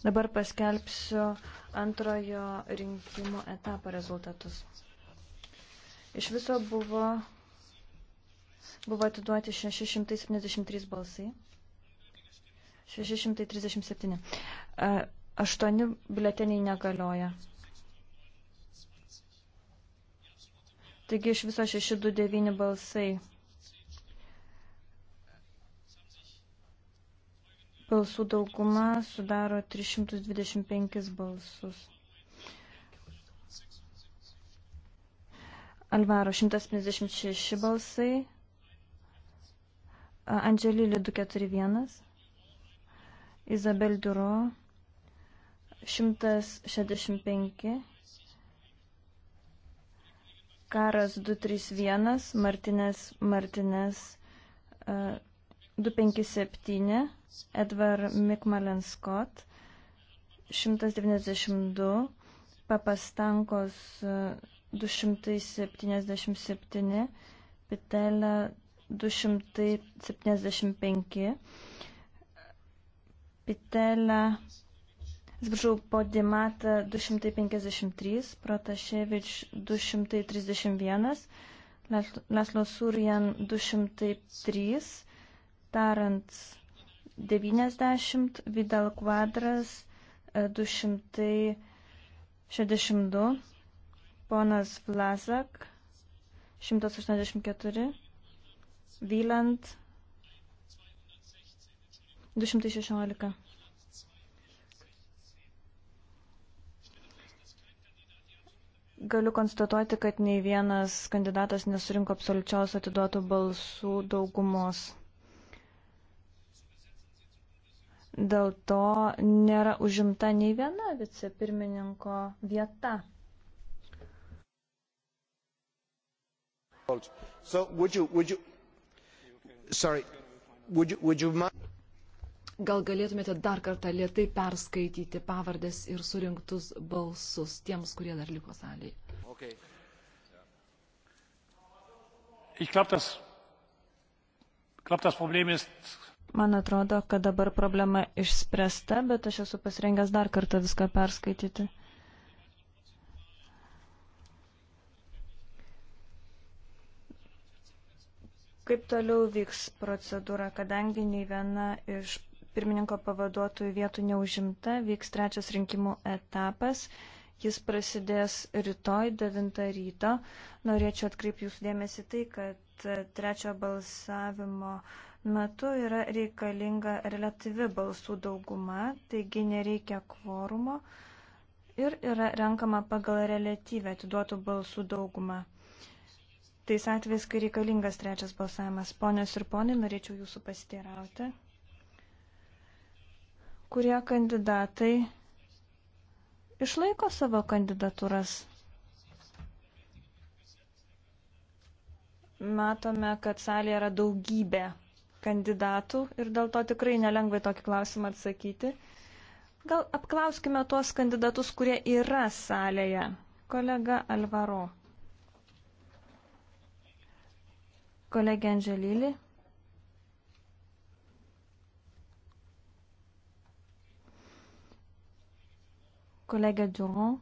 Dabar paskelbsiu antrojo rinkimų etapo rezultatus. Iš viso buvo, buvo atiduoti 673 balsai. 637. Aštuoni biuleteniai negalioja. Taigi iš viso 629 balsai balsų dauguma sudaro 325 balsus. Alvaro 156 balsai, Andželį Lidu 41, Izabel Duro 165, Karas 231, Martinės Martinės 257, Edward McMullen Scott 192, Papastankos 277, Pitelė 275, Pitelė, atsiprašau, Podimata 253, Protaševič 231, Laslo Surjan 203, Tarants 90, Vidal Quadras 262, e, ponas Vlazak 184, Vyland 216. Galiu konstatuoti, kad nei vienas kandidatas nesurinko absoliučios atiduotų balsų daugumos. dėl to nėra užimta nei viena vicepirmininko vieta. So would you, would you, sorry, would you, would you mind? Gal galėtumėte dar kartą lietai perskaityti pavardės ir surinktus balsus tiems, kurie dar liko salėje. Okay. Ich glaube, das, glaub, das Problem ist Man atrodo, kad dabar problema išspręsta, bet aš esu pasirengęs dar kartą viską perskaityti. Kaip toliau vyks procedūra, kadangi nei viena iš pirmininko pavaduotojų vietų neužimta, vyks trečias rinkimų etapas. Jis prasidės rytoj 9 ryto. Norėčiau atkreipti jūsų dėmesį tai, kad e, trečio balsavimo metu yra reikalinga relatyvi balsų dauguma, taigi nereikia kvorumo ir yra renkama pagal relatyvę atiduotų balsų daugumą. Tais atvejais, kai reikalingas trečias balsavimas, ponios ir ponai, norėčiau jūsų pasiteirauti, kurie kandidatai išlaiko savo kandidatūras. Matome, kad salėje yra daugybė kandidatų ir dėl to tikrai nelengvai tokį klausimą atsakyti. Gal apklauskime tuos kandidatus, kurie yra salėje. Kolega Alvaro. Kolegė Andželylį. kolega Duron,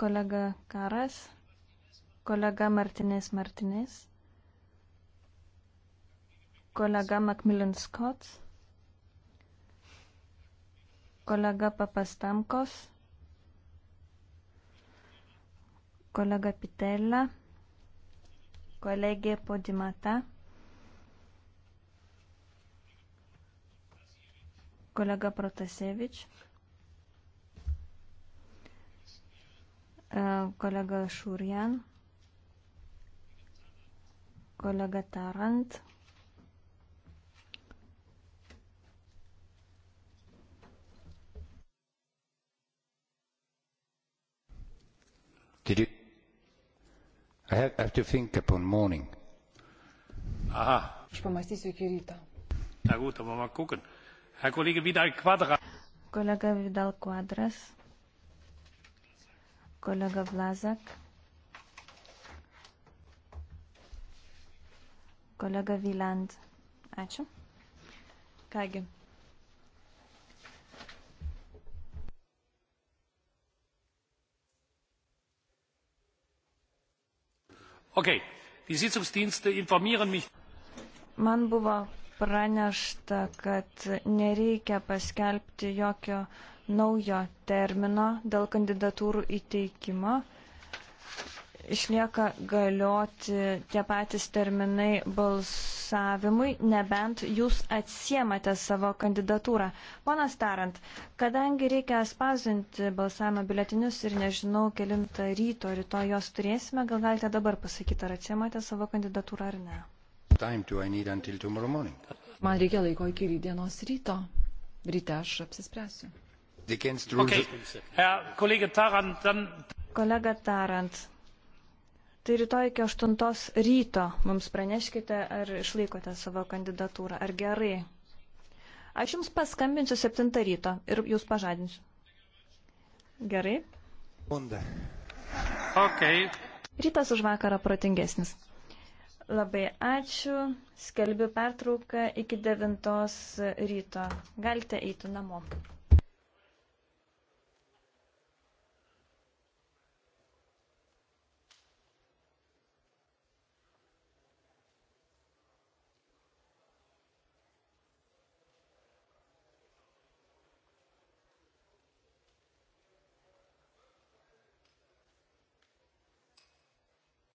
kolega Karas, kolega Martinės Martinės, kolega Macmillan Scott, kolega Papastamkos, kolega Pitella, kolegė Podimata. kolega Protasevič, e, kolega Šurjan, kolega Tarant. Did you? I have, I have to think upon morning. Aha. Aš pamastysiu iki ryto. Na gut, aber mal gucken. Kolega Vidal Quadras, kolega Vlazak, kolega Vyland. Ačiū. Kągi. Okay. Die Sitzungsdienste informieren mich. Man buvo pranešta, kad nereikia paskelbti jokio naujo termino dėl kandidatūrų įteikimo. Išlieka galioti tie patys terminai balsavimui, nebent jūs atsiemate savo kandidatūrą. Ponas Tarant, kadangi reikia spausdinti balsavimo biletinius ir nežinau, kelintą ryto rytoj jos turėsime, gal galite dabar pasakyti, ar atsiemate savo kandidatūrą ar ne. Man reikia laiko iki rydienos ryto. Ryte aš apsispręsiu. Okay. Kolega Tarant, dann... Kolega Tarant, tai rytoj iki 8 ryto mums praneškite, ar išlaikote savo kandidatūrą, ar gerai. Aš jums paskambinsiu 7 ryto ir jūs pažadinsiu. Gerai? Onda. Okay. Rytas už vakarą protingesnis. Labai ačiū. Skelbiu pertrauką iki devintos ryto. Galite eiti namo.